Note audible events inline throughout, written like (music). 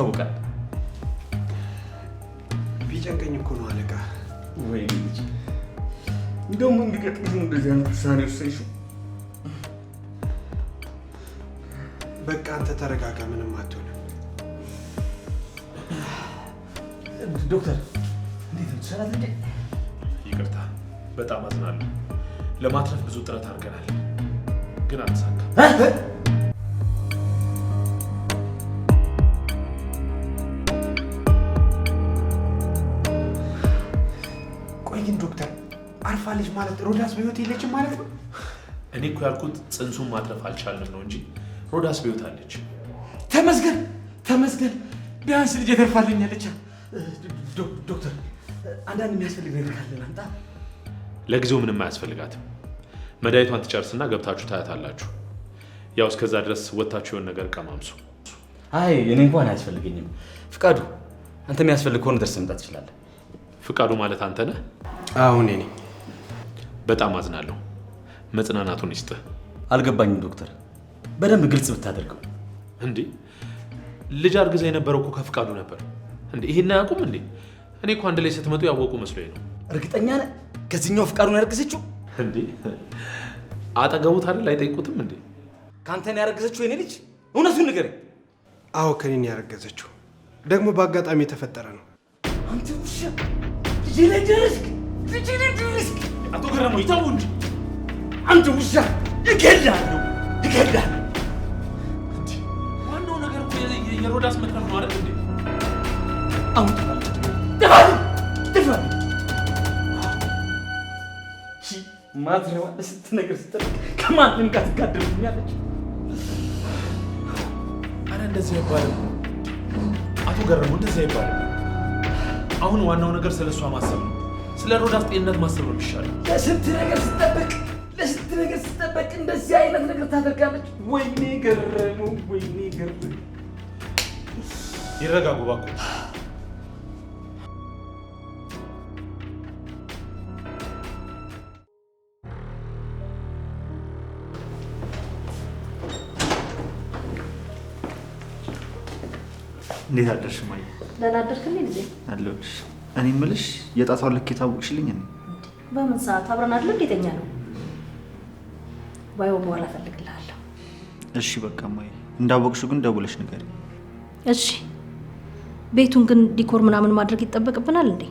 ይታወቃል። ቢጨንቀኝ እኮ ነው አለቃ። ወይ ልጅ እንደውም እንድቀጥ ጊዜ እንደዚህ አይነት ውሳኔ ውሰሽ። በቃ አንተ ተረጋጋ፣ ምንም አትሆንም። ዶክተር እንዴት ነው ሰራት? እንዴ ይቅርታ፣ በጣም አዝናለሁ። ለማትረፍ ብዙ ጥረት አድርገናል፣ ግን አልተሳካም። አርፋለች ማለት ሮዳስ በህይወት የለችም ማለት ነው። እኔ እኮ ያልኩት ጽንሱን ማትረፍ አልቻለም ነው እንጂ ሮዳስ በህይወት አለች። ተመስገን ተመስገን፣ ቢያንስ ልጅ የተርፋለኛለች። ዶክተር አንዳንድ የሚያስፈልግ ነገር ካለ ላምጣ። ለጊዜው ምንም አያስፈልጋትም። መድኃኒቷን ትጨርስና ገብታችሁ ታያታላችሁ። ያው እስከዛ ድረስ ወታችሁ የሆን ነገር ቀማምሱ። አይ እኔ እንኳን አያስፈልገኝም። ፍቃዱ አንተ የሚያስፈልግ ከሆነ ደርስ መምጣት ትችላለህ። ፍቃዱ ማለት አንተ ነህ? አሁን እኔ በጣም አዝናለሁ። መጽናናቱን ይስጥህ። አልገባኝም ዶክተር፣ በደንብ ግልጽ ብታደርገው። እንዴ ልጅ አርግዛ የነበረው እኮ ከፍቃዱ ነበር እንዴ? ይሄን አያውቁም እንዴ? እኔ እኮ አንድ ላይ ስትመጡ ያወቁ መስሎኝ ነው። እርግጠኛ ነህ? ከዚህኛው ፍቃዱን ያረግዘችው እንዴ? አጠገቡት አይደል? አይጠይቁትም እንዴ? ከአንተን ያረገዘችው የኔ ልጅ? እውነቱን ንገረኝ። አዎ ከኔን ያረገዘችው። ደግሞ በአጋጣሚ የተፈጠረ ነው። አንተ ውሻ! ልጅ ላይ ልጅ ልጄ ላይ ደረስክ! አቶ ገረመው ይተው እንጂ አንተ ውሻ ይገድልሃል፣ ይገድልሃል። ዋናው ነገር የሮዳስ መጥረፍ ነው አይደል እንዴ? አሁን ስትነግር ከማንም ጋር አረ እንደዚህ አይባልም አቶ ገረመው፣ እንደዚህ አይባልም። አሁን ዋናው ነገር ስለሷ ማሰብ ነው። ስለ ሮዳስ ጤንነት ማሰብ ነው የሚሻለው። ለስንት ነገር ስጠበቅ ለስንት ነገር ስጠበቅ እንደዚህ አይነት ነገር ታደርጋለች። ወይኔ ገረሙ፣ ወይኔ ገረሙ። ይረጋጉ እባክዎ። እንዴት አደርሽ? ማየ ደህና አደርክ? እንዴ አለሁልሽ እኔ የምልሽ የጣቷን ልክ የታወቅሽልኝ? እኔ በምን ሰዓት አብረን አይደል እንዴተኛ ነው? ባይሆን በኋላ እፈልግልሃለሁ። እሺ በቃ እማዬ፣ እንዳወቅሽው ግን ደውለሽ ንገሪ። እሺ። ቤቱን ግን ዲኮር ምናምን ማድረግ ይጠበቅብናል እንዴ?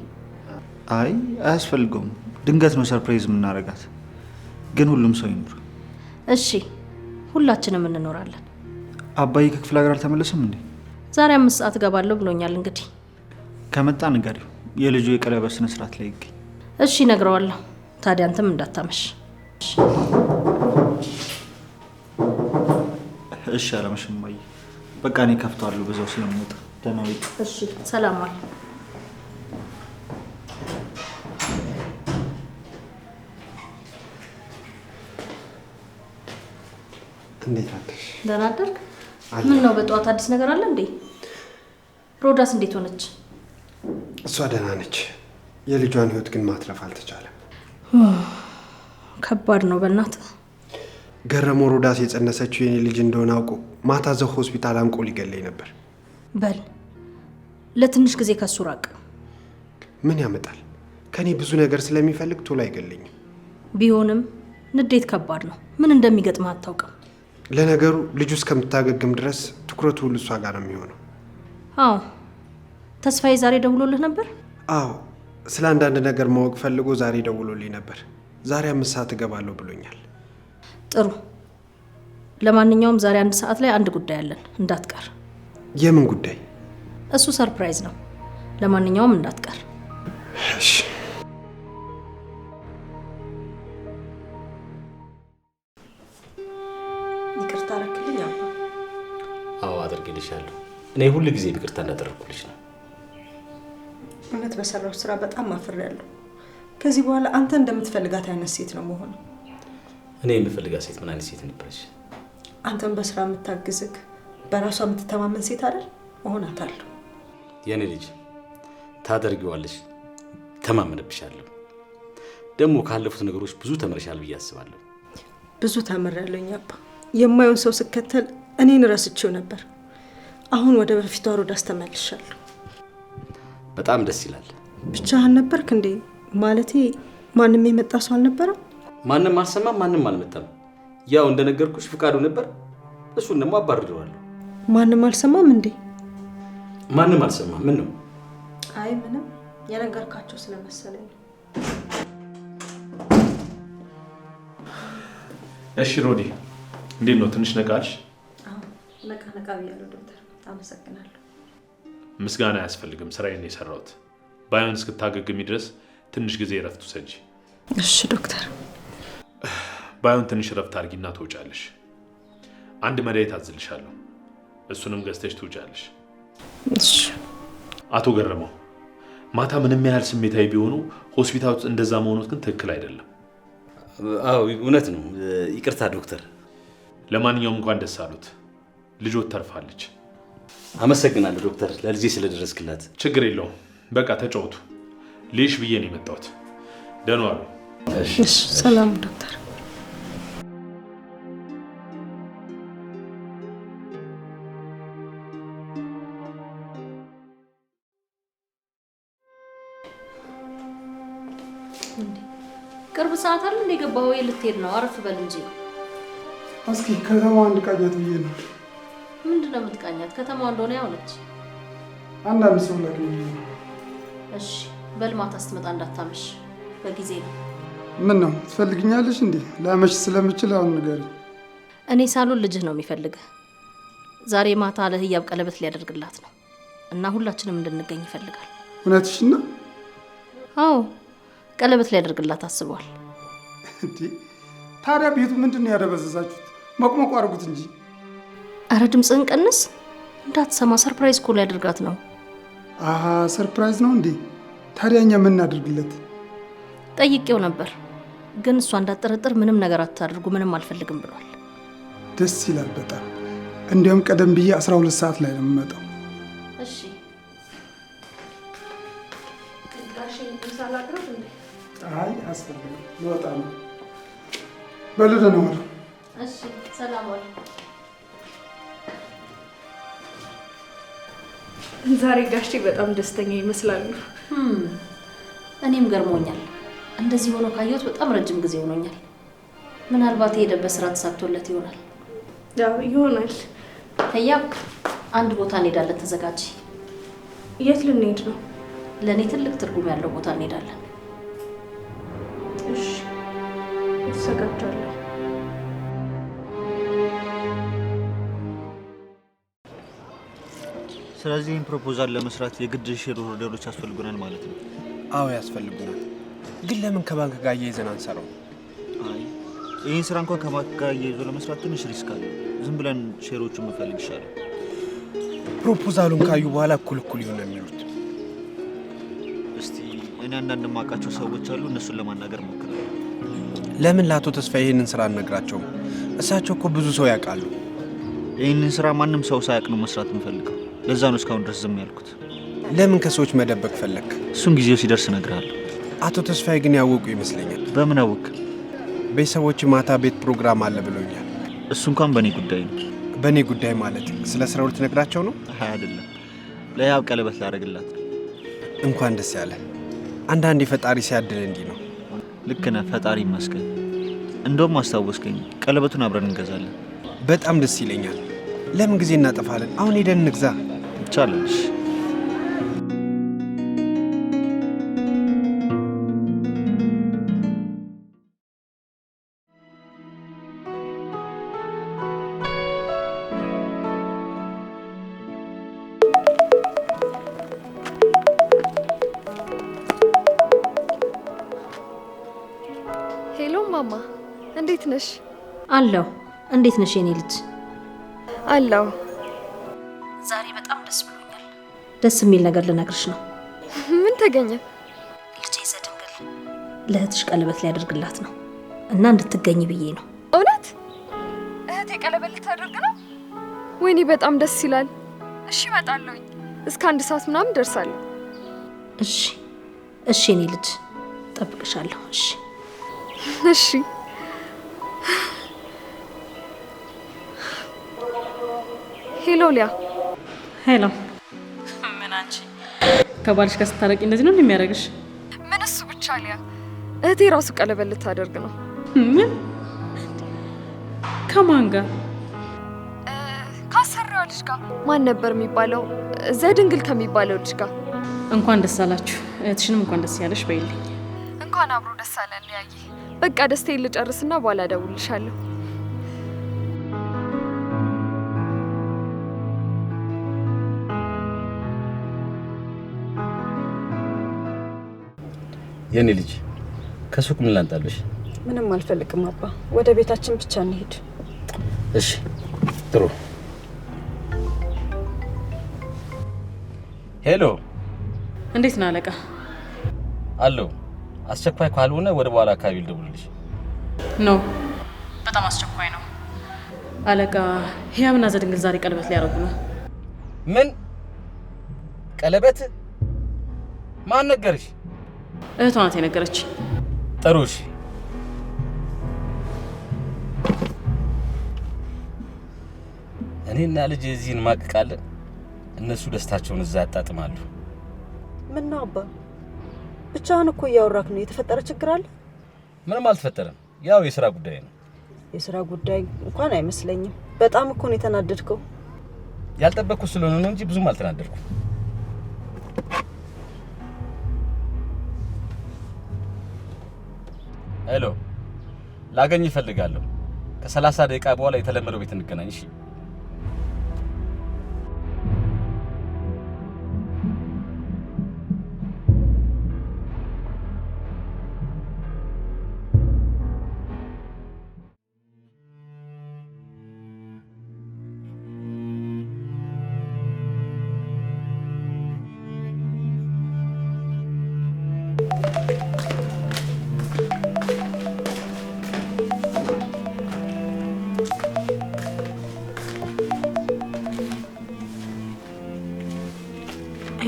አይ አያስፈልገውም። ድንገት ነው ሰርፕራይዝ የምናደርጋት። ግን ሁሉም ሰው ይኖር። እሺ፣ ሁላችንም እንኖራለን። አባዬ ከክፍለ ሀገር አልተመለሰም እንዴ? ዛሬ አምስት ሰዓት እገባለሁ ብሎኛል። እንግዲህ ከመጣ ንገሪው። የልጁ የቀለበት ስነ ስርዓት ላይ ይገኝ። እሺ እነግረዋለሁ። ታዲያ አንተም እንዳታመሽ እሺ። አላመሽም እማዬ። በቃ እኔ ከፍተዋለሁ በዛው ስለምወጣ ደህና ዋይ። እሺ፣ ሰላም ዋል። እንዴት አደርሽ? ደህና አደርክ? ምን ነው በጠዋት አዲስ ነገር አለ እንዴ? ሮዳስ እንዴት ሆነች? እሷ ደህና ነች። የልጇን ህይወት ግን ማትረፍ አልተቻለም። ከባድ ነው። በእናት ገረሞ ሮዳስ የጸነሰችው የኔ ልጅ እንደሆነ አውቆ ማታ ዘው ሆስፒታል አንቆ ሊገለኝ ነበር። በል ለትንሽ ጊዜ ከሱ ራቅ። ምን ያመጣል? ከኔ ብዙ ነገር ስለሚፈልግ ቶሎ አይገለኝም። ቢሆንም ንዴት ከባድ ነው። ምን እንደሚገጥም አታውቅም። ለነገሩ ልጁ እስከምታገግም ድረስ ትኩረቱ ሁሉ እሷ ጋር ነው የሚሆነው። አዎ ተስፋዬ ዛሬ ደውሎልህ ነበር? አዎ፣ ስለ አንዳንድ ነገር ማወቅ ፈልጎ ዛሬ ደውሎልኝ ነበር። ዛሬ አምስት ሰዓት እገባለሁ ብሎኛል። ጥሩ። ለማንኛውም ዛሬ አንድ ሰዓት ላይ አንድ ጉዳይ አለን፣ እንዳትቀር። የምን ጉዳይ? እሱ ሰርፕራይዝ ነው። ለማንኛውም እንዳትቀር። እሺ። ይቅርታ አረክልኝ? አዎ አድርግልሻለሁ። እኔ ሁሉ ጊዜ ይቅርታ እንዳደረግኩልሽ ነው። እውነት በሰራው ስራ በጣም አፍሬያለሁ። ከዚህ በኋላ አንተ እንደምትፈልጋት አይነት ሴት ነው መሆን። እኔ የምፈልጋት ሴት ምን አይነት ሴት ነበረች? አንተም በስራ የምታግዝግ በራሷ የምትተማመን ሴት አይደል እሆናታለሁ። የኔ ልጅ ታደርጊዋለሽ፣ ተማመንብሻለሁ። ደግሞ ካለፉት ነገሮች ብዙ ተምረሻል ብዬ አስባለሁ። ብዙ ተምሬያለሁ አባ። የማየውን ሰው ስከተል እኔን ረስቼው ነበር። አሁን ወደ በፊቷ ሮዳስ ተመልሻለሁ። በጣም ደስ ይላል። ብቻህን ነበርክ እንዴ? ማለቴ ማንም የመጣ ሰው አልነበረም? ማንም አልሰማም፣ ማንም አልመጣም። ያው እንደነገርኩሽ ፍቃዱ ነበር፣ እሱን ደግሞ አባርደዋለሁ። ማንም አልሰማም እንዴ? ማንም አልሰማም። ምን ነው? አይ ምንም፣ የነገርካቸው ስለመሰለኝ ነው። እሺ ሮዲ፣ እንዴት ነው? ትንሽ ነቃልሽ? ነቃ ነቃ ብያለሁ ዶክተር፣ አመሰግናለሁ። ምስጋና አያስፈልግም። ስራዬን የሰራሁት ባይሆን እስክታገግሚ ድረስ ትንሽ ጊዜ እረፍት ውሰጂ። እሺ ዶክተር። ባይሆን ትንሽ እረፍት አድርጊና ትውጫለሽ። አንድ መድኃኒት አዝልሻለሁ። እሱንም ገዝተሽ ትውጫለሽ። እሺ። አቶ ገረመው ማታ ምንም ያህል ስሜታዊ ቢሆኑ ሆስፒታል ውስጥ እንደዛ መሆኑት ግን ትክክል አይደለም። አዎ እውነት ነው። ይቅርታ ዶክተር። ለማንኛውም እንኳን ደስ አሉት። ልጆት ተርፋለች። አመሰግናለሁ ዶክተር፣ ለልጄ ስለደረስክላት። ችግር የለውም በቃ ተጫወቱ። ልሽ ብዬ ነው የመጣሁት። ደህና ዋሉ። ሰላም ዶክተር። ቅርብ ሰዓት አለ እንደ ገባሁ ልትሄድ ነው። አረፍ በል እንጂ እስኪ ከተማ አንድ ቃኘት ብዬ ነው ምንድን ነው የምትቃኛት? ከተማዋ እንደሆነ ያው ነች። አንዳንድ ሰው ላይ እሺ፣ በልማታ ስትመጣ እንዳታመሽ በጊዜ ነው። ምን ነው ትፈልግኛለሽ እንዴ? ላመሽ ስለምችል አሁን ንገሪ። እኔ ሳሎን ልጅህ ነው የሚፈልግህ። ዛሬ ማታ ለህያብ ቀለበት ሊያደርግላት ነው እና ሁላችንም እንድንገኝ ይፈልጋል። እውነትሽና? አዎ ቀለበት ሊያደርግላት አስበዋል። ታዲያ ቤቱ ምንድን ነው ያደበዘዛችሁት? መቁመቁ አድርጉት እንጂ አረ ድምፅህን ቀንስ እንዳትሰማ። ሰርፕራይዝ እኮ ሊያደርጋት ነው። አሀ ሰርፕራይዝ ነው እንዴ? ታዲያ እኛ ምን እናድርግለት? ጠይቄው ነበር፣ ግን እሷ እንዳትጠረጥር ምንም ነገር አታድርጉ፣ ምንም አልፈልግም ብሏል። ደስ ይላል በጣም እንዲያውም ቀደም ብዬ 12 ሰዓት ላይ ነው የምመጣው። እሺ ሳላቅረት እንዴ? አይ አስፈልግ ልወጣ ነው። በሉ ደህና ዋሉ። እሺ ሰላም ዋሉ። ዛሬ ጋሼ በጣም ደስተኛ ይመስላሉ። እኔም ገርሞኛል። እንደዚህ ሆኖ ካየሁት በጣም ረጅም ጊዜ ሆኖኛል። ምናልባት የሄደበት ስራ ተሳክቶለት ይሆናል። ይሆናል። ህያብ አንድ ቦታ እንሄዳለን፣ ተዘጋጂ። የት ልንሄድ ነው? ለእኔ ትልቅ ትርጉም ያለው ቦታ እንሄዳለን። እሺ፣ ተዘጋጃለሁ። ስለዚህ ይህን ፕሮፖዛል ለመስራት የግድ ሼር ሆልደሮች ያስፈልጉናል ማለት ነው? አዎ ያስፈልጉናል። ግን ለምን ከባንክ ጋር እየይዘን አንሰራው? አይ ይህን ስራ እንኳን ከባንክ ጋር እየይዞ ለመስራት ትንሽ ሪስክ አለ። ዝም ብለን ሼሮቹን መፈልግ ይሻላል። ፕሮፖዛሉን ካዩ በኋላ እኩል እኩል ይሆን የሚሉት። እስቲ እኔ አንዳንድ የማውቃቸው ሰዎች አሉ፣ እነሱን ለማናገር ሞክራለሁ። ለምን ለአቶ ተስፋ ይህንን ስራ አንነግራቸውም? እሳቸው እኮ ብዙ ሰው ያውቃሉ። ይህንን ስራ ማንም ሰው ሳያውቅ ነው መስራት እንፈልገው ለዛ ነው እስካሁን ድረስ ዝም ያልኩት። ለምን ከሰዎች መደበቅ ፈለግ? እሱን ጊዜው ሲደርስ እነግርሃለሁ። አቶ ተስፋዬ ግን ያወቁ ይመስለኛል። በምን አወቅ? ቤተሰቦች ማታ ቤት ፕሮግራም አለ ብሎኛል። እሱ እንኳን በእኔ ጉዳይ ነው። በእኔ ጉዳይ ማለት ስለ ስራው ነግራቸው ነው? አይደለም፣ ለያብ ቀለበት ላደርግላት። እንኳን ደስ ያለ። አንዳንዴ ፈጣሪ ሲያድል እንዲህ ነው። ልክ ነህ። ፈጣሪ ይመስገን። እንደውም አስታወስከኝ። ቀለበቱን አብረን እንገዛለን። በጣም ደስ ይለኛል። ለምን ጊዜ እናጠፋለን? አሁን ሄደን እንግዛ። ብቻ አለልሽ። ማማ፣ እንዴት ነሽ? አለሁ። እንዴት ነሽ የኔ ልጅ? አለሁ ደስ የሚል ነገር ልነግርሽ ነው። ምን ተገኘ? ልጄ ዘድንግል ለእህትሽ ቀለበት ሊያደርግላት ነው እና እንድትገኝ ብዬ ነው። እውነት እህቴ ቀለበት ልታደርግ ነው? ወይኔ በጣም ደስ ይላል። እሺ እመጣለሁኝ። እስከ አንድ ሰዓት ምናምን ደርሳለሁ። እሺ እሺ፣ እኔ ልጅ ጠብቅሻለሁ። እሺ እሺ። ሄሎ ሊያ ሄሎ ከባልሽ ጋር ስታረቂ እንደዚህ ነው እንደሚያደርግሽ? ምን እሱ ብቻ ሊያ፣ እህቴ ራሱ ቀለበት ልታደርግ ነው። ምን ከማን ጋር? ካሰራው ልጅ ጋር። ማን ነበር የሚባለው? ዘድንግል ከሚባለው ልጅ ጋር። እንኳን ደስ አላችሁ። እህትሽንም እንኳን ደስ ያለሽ በይልኝ። እንኳን አብሮ ደስ አለን ያየ። በቃ ደስታዬን ልጨርስና በኋላ እደውልልሻለሁ። የኔ ልጅ ከሱቅ ምን ላንጣለሽ? ምንም አልፈልግም አባ፣ ወደ ቤታችን ብቻ እንሄድ። እሺ ጥሩ። ሄሎ፣ እንዴት ነው አለቃ? አለው። አስቸኳይ ካልሆነ ወደ በኋላ አካባቢ ልደውልልሽ። ኖ በጣም አስቸኳይ ነው አለቃ። ህያብና ዘድንግል ዛሬ ቀለበት ሊያደርጉ ነው። ምን ቀለበት? ማን ነገርሽ? እህቷ ናት የነገረች። ጥሩ እሺ። እኔና ልጅ የዚህን ማቅቃለን። እነሱ ደስታቸውን እዛ ያጣጥማሉ። ምነው አባ ብቻህን እኮ እያወራክ ነው? የተፈጠረ ችግር አለ? ምንም አልተፈጠረም። ያው የስራ ጉዳይ ነው። የስራ ጉዳይ እንኳን አይመስለኝም። በጣም እኮ ነው የተናደድከው። ያልጠበቅኩት ስለሆነ ነው እንጂ ብዙም አልተናደድኩም። ሄሎ፣ ላገኝ እፈልጋለሁ። ከሰላሳ ደቂቃ በኋላ የተለመደው ቤት እንገናኝ። እሺ።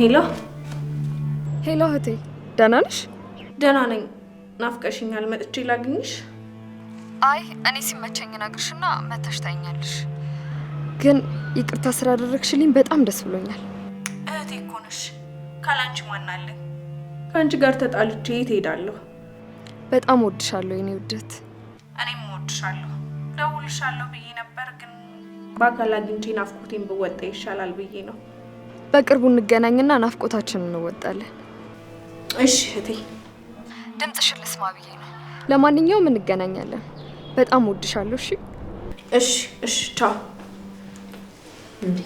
ሄሎ ሄሎ፣ እህቴ ደህና ነሽ? ደህና ነኝ። ናፍቀሽኛል። መጥቼ ላግኝሽ? አይ እኔ ሲመቸኝ እነግርሽና መተሽ ታይኛለሽ። ግን ይቅርታ ስላደረግሽልኝ በጣም ደስ ብሎኛል። እህቴ እኮ ነሽ። ካላንቺ ማን ከአንቺ ጋር ተጣልቼ የት እሄዳለሁ? በጣም ወድሻለሁ የኔ ውደት። እኔም ወድሻለሁ። ደውልሻለሁ ብዬ ነበር፣ ግን በአካል አግኝቼ ናፍቆቴን ብወጣ ይሻላል ብዬ ነው። በቅርቡ እንገናኝና ናፍቆታችንን እንወጣለን። እሺ እህቴ፣ ድምጽሽን ልስማ ብዬ ነው። ለማንኛውም እንገናኛለን። በጣም ወድሻለሁ። እሺ እሺ እሺ። ቻው። እንዴ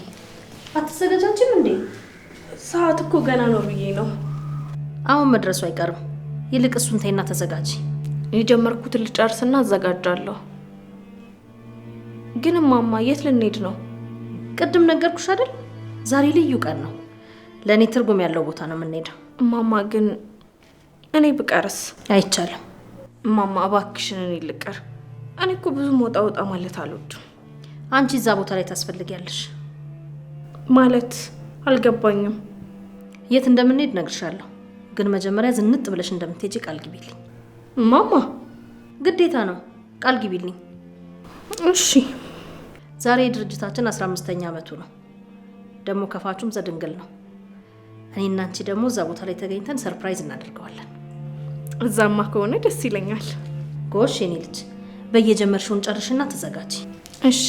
አትዘጋጃችም እንዴ? ሰዓት እኮ ገና ነው ብዬ ነው። አሁን መድረሱ አይቀርም። ይልቅ እሱን ተይና ተዘጋጂ። የጀመርኩትን ልጨርስና አዘጋጃለሁ። ግን ማማ የት ልንሄድ ነው? ቅድም ነገርኩሽ አይደል? ዛሬ ልዩ ቀን ነው። ለእኔ ትርጉም ያለው ቦታ ነው የምንሄደው። እማማ ግን እኔ ብቀርስ? አይቻልም እማማ፣ እባክሽን እኔ ልቀር። እኔ እኮ ብዙም ወጣ ወጣ ማለት አልወድም። አንቺ እዛ ቦታ ላይ ታስፈልጊያለሽ። ማለት አልገባኝም። የት እንደምንሄድ እነግርሻለሁ፣ ግን መጀመሪያ ዝንጥ ብለሽ እንደምትሄጂ ቃል ግቢልኝ። እማማ፣ ግዴታ ነው፣ ቃል ግቢልኝ። እሺ። ዛሬ የድርጅታችን አስራ አምስተኛ ዓመቱ ነው። ደግሞ ከፋቹም ዘድንግል ነው። እኔ እና አንቺ ደግሞ እዛ ቦታ ላይ ተገኝተን ሰርፕራይዝ እናደርገዋለን። እዛማ ከሆነ ደስ ይለኛል። ጎሽ የኔ ልጅ በየጀመርሽውን ጨርሽና ተዘጋጂ እሺ።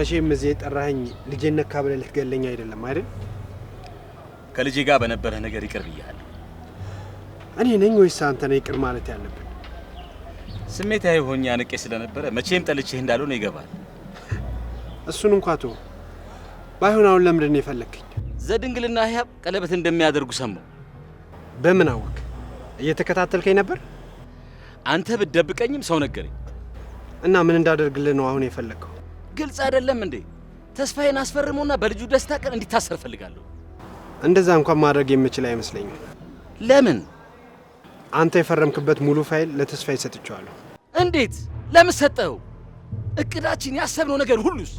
መቼም እዚህ የጠራኸኝ ልጄን ነካ ብለህ ልትገለኝ አይደለም አይደል? ከልጄ ጋር በነበረህ ነገር ይቅር ብያለሁ። እኔ ነኝ ወይስ አንተ ነህ ይቅር ማለት ያለብን? ስሜታዊ ሆኜ አንቄ ስለነበረ መቼም ጠልቼህ እንዳልሆነ ይገባል። እሱን እንኳ ቶ ባይሆን አሁን ለምንድን ነው የፈለግከኝ? ዘድንግልና ህያብ ቀለበት እንደሚያደርጉ ሰማሁ። በምን አወቅ? እየተከታተልከኝ ነበር? አንተ ብትደብቀኝም ሰው ነገረኝ። እና ምን እንዳደርግልህ ነው አሁን የፈለግከው? ግልጽ አይደለም እንዴ? ተስፋዬን አስፈርሞና በልጁ ደስታ ቀን እንዲታሰር ፈልጋለሁ። እንደዛ እንኳን ማድረግ የምችል አይመስለኝም። ለምን? አንተ የፈረምክበት ሙሉ ፋይል ለተስፋዬ ሰጥቼዋለሁ። እንዴት? ለምን ሰጠኸው? እቅዳችን፣ ያሰብነው ነገር ሁሉስ?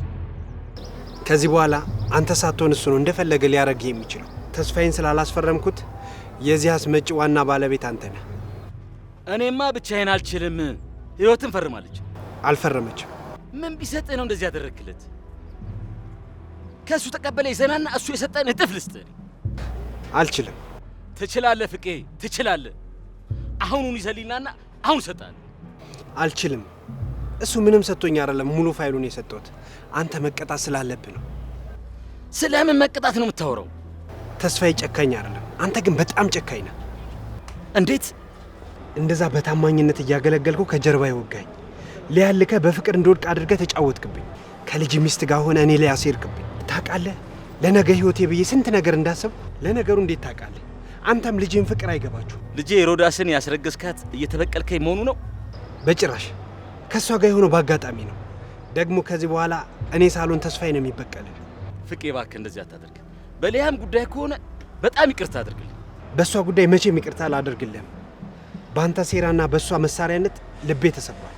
ከዚህ በኋላ አንተ ሳትሆን እሱ ነው እንደፈለገ ሊያደርግ የሚችለው። ተስፋዬን ስላላስፈረምኩት የዚህ አስመጪ ዋና ባለቤት አንተ ነህ። እኔማ ብቻዬን አልችልም። ህይወትን ፈርማለች። አልፈረመችም ምን ቢሰጥህ ነው እንደዚህ ያደረግክለት? ከእሱ ተቀበለ ይዘናና እሱ የሰጠን እጥፍ ልስጥህ። አልችልም። ትችላለህ ፍቄ፣ ትችላለህ። አሁኑን ይዘልኝናና አሁን እሰጥሃለሁ። አልችልም። እሱ ምንም ሰጥቶኝ አይደለም፣ ሙሉ ፋይሉን የሰጠሁት አንተ መቀጣት ስላለብህ ነው። ስለምን መቀጣት ነው የምታወራው? ተስፋዬ ጨካኝ አይደለም፣ አንተ ግን በጣም ጨካኝ ነህ። እንዴት እንደዛ በታማኝነት እያገለገልኩ ከጀርባ ይወጋኝ? ሊያልከ በፍቅር እንድወድቅ አድርገ ተጫወትክብኝ። ከልጅ ሚስት ጋር ሆነ እኔ ላይ አሴርክብኝ። ታውቃለህ ለነገ ህይወቴ ብዬ ስንት ነገር እንዳሰብ። ለነገሩ እንዴት ታውቃለህ? አንተም ልጅን ፍቅር አይገባችሁ። ልጄ ሄሮዳስን ያስረገዝካት እየተበቀልከኝ መሆኑ ነው? በጭራሽ ከእሷ ጋር የሆነው በአጋጣሚ ነው። ደግሞ ከዚህ በኋላ እኔ ሳሎን ተስፋዬ ነው የሚበቀልህ። ፍቄ እባክህ እንደዚህ አታደርግ። በሊያም ጉዳይ ከሆነ በጣም ይቅርታ አድርግልኝ። በእሷ ጉዳይ መቼም ይቅርታ አላደርግልህም። በአንተ ሴራና በእሷ መሳሪያነት ልቤ ተሰብሯል።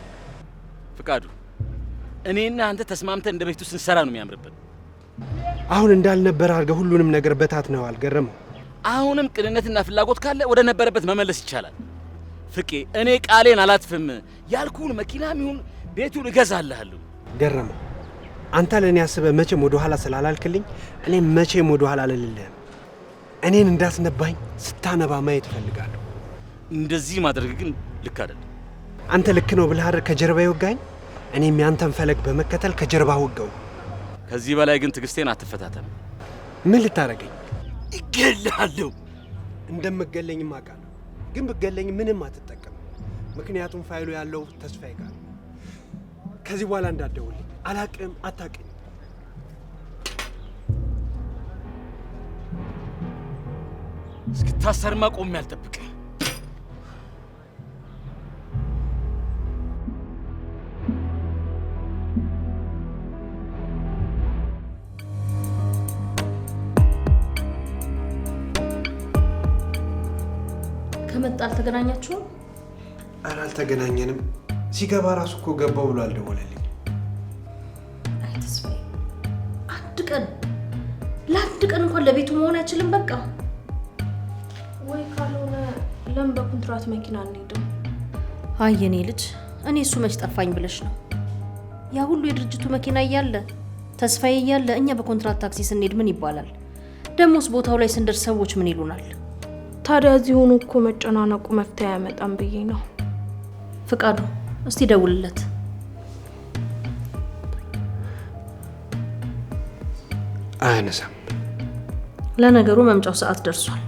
ፍቃዱ እኔና አንተ ተስማምተን እንደ ቤቱ ስንሰራ ነው የሚያምርብን። አሁን እንዳልነበረ አድርገህ ሁሉንም ነገር ነው ገረመው፣ አሁንም ቅንነትና ፍላጎት ካለ ወደ ነበረበት መመለስ ይቻላል። ፍቄ፣ እኔ ቃሌን አላጥፍም። ያልኩህን መኪናም ይሁን ቤቱን እገዛልሃለሁ። ገረመው፣ አንተ ለእኔ አስበህ መቼም ወደ ኋላ ስላላልክልኝ እኔም መቼም ወደ ኋላ አልልልህም። እኔን እንዳስነባኝ ስታነባ ማየት እፈልጋለሁ። እንደዚህ ማድረግ ግን ልክ አይደለም። አንተ ልክ ነው ብለህ አይደል ከጀርባ ይወጋኝ። እኔም ያንተን ፈለግ በመከተል ከጀርባ ወጋው። ከዚህ በላይ ግን ትዕግስቴን አትፈታተም። ምን ልታረገኝ? ይገላለሁ። እንደምገለኝ አውቃለሁ፣ ግን ብገለኝ ምንም አትጠቀም። ምክንያቱም ፋይሉ ያለው ተስፋዬ ጋር። ከዚህ በኋላ እንዳደውልኝ አላቅም፣ አታቅኝ። እስክታሰርማ ቆሜ አልጠብቅም። አልተገናኛችሁም? ኧረ አልተገናኘንም። ሲገባ ራሱ እኮ ገባው ብሎ አልደወለልኝ። አይ ተስፋዬ፣ አንድ ቀን ለአንድ ቀን እንኳን ለቤቱ መሆን አይችልም? በቃ ወይ ካልሆነ ለምን በኮንትራት መኪና እንሄድም አይ የኔ ልጅ፣ እኔ እሱ መች ጠፋኝ ብለሽ ነው ያ ሁሉ የድርጅቱ መኪና እያለ ተስፋዬ እያለ እኛ በኮንትራት ታክሲ ስንሄድ ምን ይባላል? ደሞስ ቦታው ላይ ስንደርስ ሰዎች ምን ይሉናል? ታዲያ እዚህ ሆኖ እኮ መጨናነቁ መፍትሄ አያመጣም ብዬ ነው። ፍቃዱ እስቲ ደውልለት። አያነሳም። ለነገሩ መምጫው ሰዓት ደርሷል።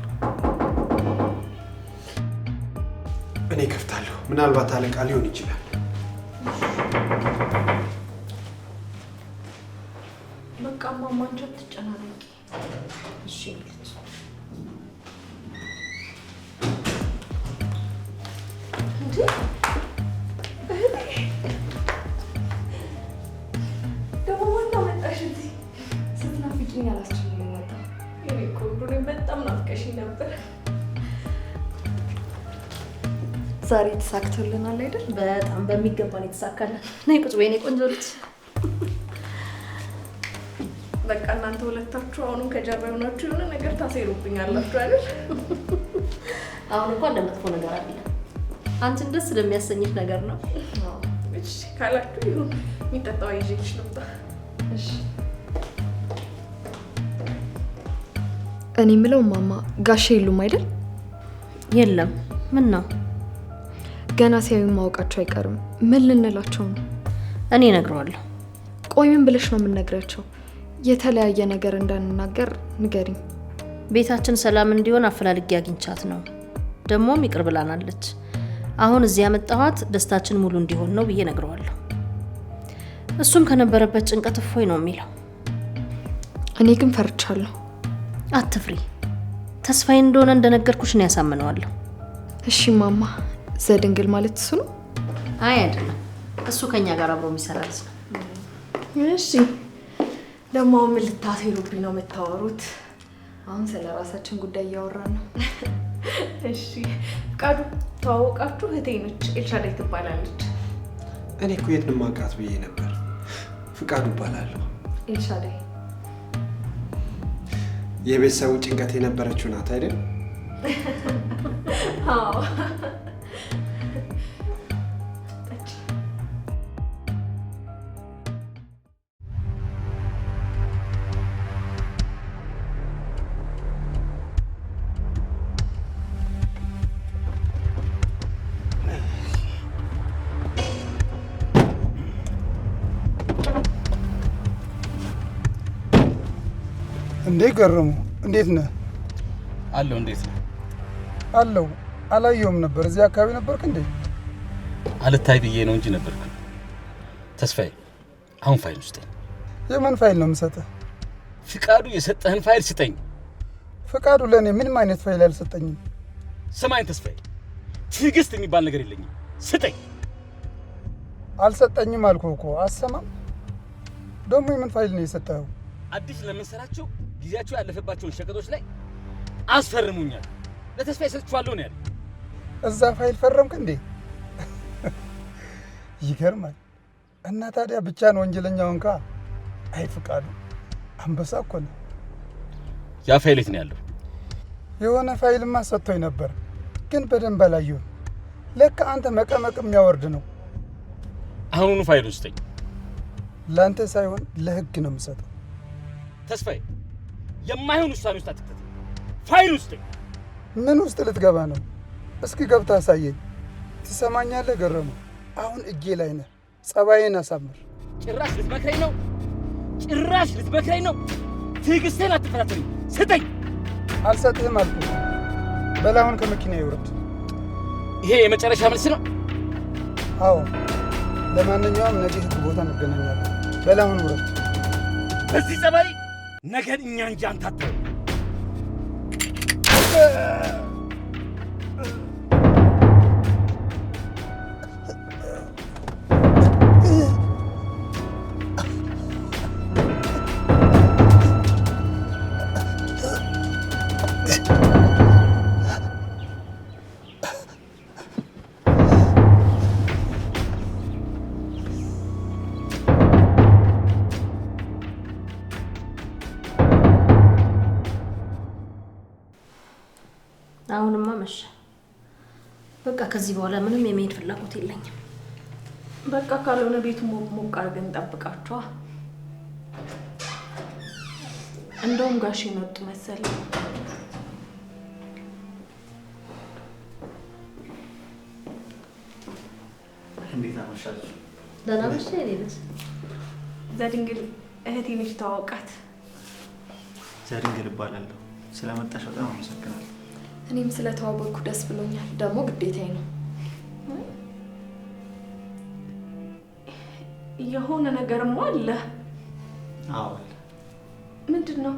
እኔ ከፍታለሁ። ምናልባት አለቃ ሊሆን ይችላል። ሁሉ በጣም ናፍቀሽኝ ነበር። ዛሬ ተሳክቶልናል አይደል? በጣም በሚገባ ነው የተሳካልን። ነይ ቁጭ በይ፣ እኔ ቆንጆ ልጅ። በቃ እናንተ ሁለታችሁ አሁንም ከጀርባ የሆናችሁ የሆነ ነገር ታሴሩብኝ አይደል? አሁን እንኳን ለመጥፎ ነገር አለ፣ አንቺን ደስ ለሚያሰኝሽ ነገር ነው ካላችሁ ይሁን። የሚጠጣው ይዤልሽ ነበር እኔ ምለው ማማ ጋሼ የሉም አይደል? የለም። ምን ነው ገና ሲያዩ ማወቃቸው አይቀርም። ምን ልንላቸው ነው? እኔ እነግረዋለሁ። ቆይ ምን ብለሽ ነው የምንነግራቸው? የተለያየ ነገር እንዳንናገር ንገሪኝ። ቤታችን ሰላም እንዲሆን አፈላልጌ አግኝቻት ነው። ደግሞም ይቅር ብላናለች። አሁን እዚህ ያመጣኋት ደስታችን ሙሉ እንዲሆን ነው ብዬ ነግረዋለሁ። እሱም ከነበረበት ጭንቀት እፎይ ነው የሚለው። እኔ ግን ፈርቻለሁ። አትፍሪ። ተስፋዬ እንደሆነ እንደነገርኩሽ ነው ያሳምነዋለሁ። እሺ ማማ፣ ዘድንግል ማለት እሱ ነው? አይ አይደለም፣ እሱ ከኛ ጋር አብሮ የሚሰራ ልጅ ነው። እሺ ደግሞ ምን ልታሴሩብኝ ነው የምታወሩት? አሁን ስለ ራሳችን ጉዳይ እያወራ ነው። (laughs) እሺ ፍቃዱ፣ ተዋወቃችሁ? እህቴ ነች፣ ኤልሻዳይ ትባላለች። እኔ እኮ የት ነው ብዬ ነበር። ፍቃዱ እባላለሁ። ኤልሻዳይ የቤተሰቡ ጭንቀት የነበረችው ናት አይደል? አዎ እንዴ ገረሙ፣ እንዴት ነህ? አለው። እንዴት ነው አለው። አላየውም ነበር። እዚህ አካባቢ ነበርክ እንዴ? አልታይ ብዬ ነው እንጂ ነበርኩ። ተስፋዬ፣ አሁን ፋይል ስጠኝ። የምን ፋይል ነው የምሰጥህ? ፍቃዱ የሰጠህን ፋይል ስጠኝ። ፍቃዱ ለእኔ ምንም አይነት ፋይል አልሰጠኝም። ስማኝ ተስፋዬ፣ ትዕግስት የሚባል ነገር የለኝም። ስጠኝ። አልሰጠኝም አልኩህ እኮ አሰማም። ደግሞ የምን ፋይል ነው የሰጠኸው? አዲስ ለምንሰራቸው ጊዜያቸው ያለፈባቸውን ሸቀጦች ላይ አስፈርሙኛል። ለተስፋ ይሰጥችኋለሁ ነው ያለ። እዛ ፋይል ፈረምክ እንዴ? ይገርማል። እና ታዲያ ብቻን ወንጀለኛውን ካ አይ አንበሳ እኮ ነው። ያ ፋይል የት ነው ያለው? የሆነ ፋይልማ ሰጥቶኝ ነበር፣ ግን በደንብ አላየሁም። ለካ አንተ መቀመቅ የሚያወርድ ነው። አሁኑኑ ፋይል ውስጠኝ። ለአንተ ሳይሆን ለህግ ነው የምሰጠው ተስፋዬ የማይሆን ውሳኔ ውስጥ አትክተት። ፋይል ውስጥ ምን ውስጥ ልትገባ ነው? እስኪ ገብታ አሳየኝ። ትሰማኛለህ? ገረሙ፣ አሁን እጄ ላይ ነህ። ጸባዬን አሳምር። ጭራሽ ልትመክረኝ ነው? ጭራሽ ልትመክረኝ ነው? ትዕግስቴን አትፈታተኝ። ስጠኝ። አልሰጥህም አልኩ። በል አሁን ከመኪና ይውረድ። ይሄ የመጨረሻ መልስ ነው? አዎ። ለማንኛውም ነገ ህግ ቦታ እንገናኛለን። በል አሁን ውረድ። በዚህ ጸባይ ነገር እኛ እንጂ አንታተ ከዚህ በኋላ ምንም የመሄድ ፍላጎት የለኝም። በቃ ካልሆነ ቤቱ ሞቅ ሞቅ አድርገን እንጠብቃቸዋ። እንደውም ጋሽ መጡ መሰል እንዴት ደህና ሌለስ ዘድንግል እህቴ ነች፣ ተዋውቃት። ዘድንግል እባላለሁ። ስለመጣሽ በጣም አመሰግናለሁ። እኔም ስለተዋወቅኩ ደስ ብሎኛል። ደግሞ ግዴታዬ ነው። የሆነ ነገርም አለ። አዎ፣ ምንድን ነው?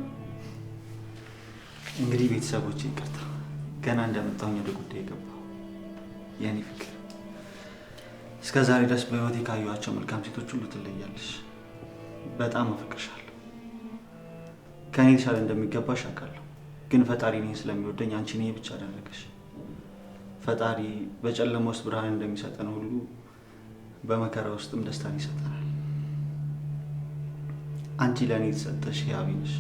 እንግዲህ ቤተሰቦች ይቅርታ፣ ገና እንደመጣሁኝ ወደ ጉዳይ የገባሁ የእኔ ፍቅር፣ እስከ ዛሬ ድረስ በህይወት ካየኋቸው መልካም ሴቶች ሁሉ ትለያለሽ። በጣም አፈቅርሻለሁ። ከእኔ የተሻለ እንደሚገባሽ አውቃለሁ። ግን ፈጣሪ እኔ ስለሚወደኝ አንቺ እኔ ብቻ አደረገሽ። ፈጣሪ በጨለማ ውስጥ ብርሃን እንደሚሰጠን ሁሉ በመከራ ውስጥም ደስታን ይሰጠናል። አንቺ ለእኔ የተሰጠሽ ሕያቤ ነሽ፣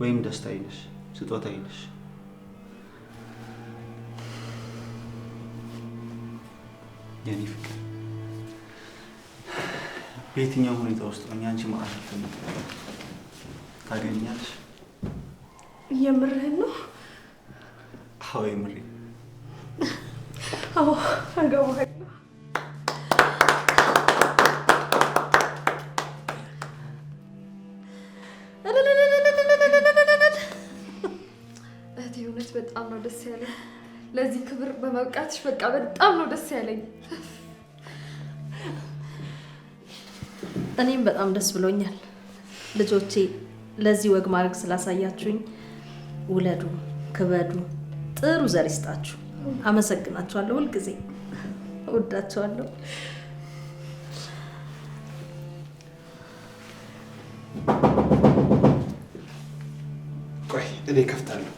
ወይም ደስታ ይነሽ፣ ስጦታ ይነሽ። የኔ ፍቅር በየትኛው ሁኔታ ውስጥ ሆኜ አንቺ ማዕረፍ ታገኛለሽ። የምርህን ነው? አዎ የምሬ። አዎ አገባህ። እውነት በጣም ነው ደስ ያለኝ። ለዚህ ክብር በመብቃትሽ በቃ በጣም ነው ደስ ያለኝ። እኔም በጣም ደስ ብሎኛል ልጆቼ፣ ለዚህ ወግ ማድረግ ስላሳያችሁኝ ውለዱ፣ ክበዱ፣ ጥሩ ዘር ይስጣችሁ። አመሰግናችኋለሁ። ሁልጊዜ እወዳችኋለሁ። ቆይ እኔ ከፍታለሁ።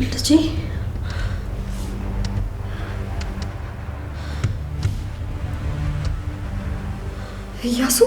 ልጄ እያሱ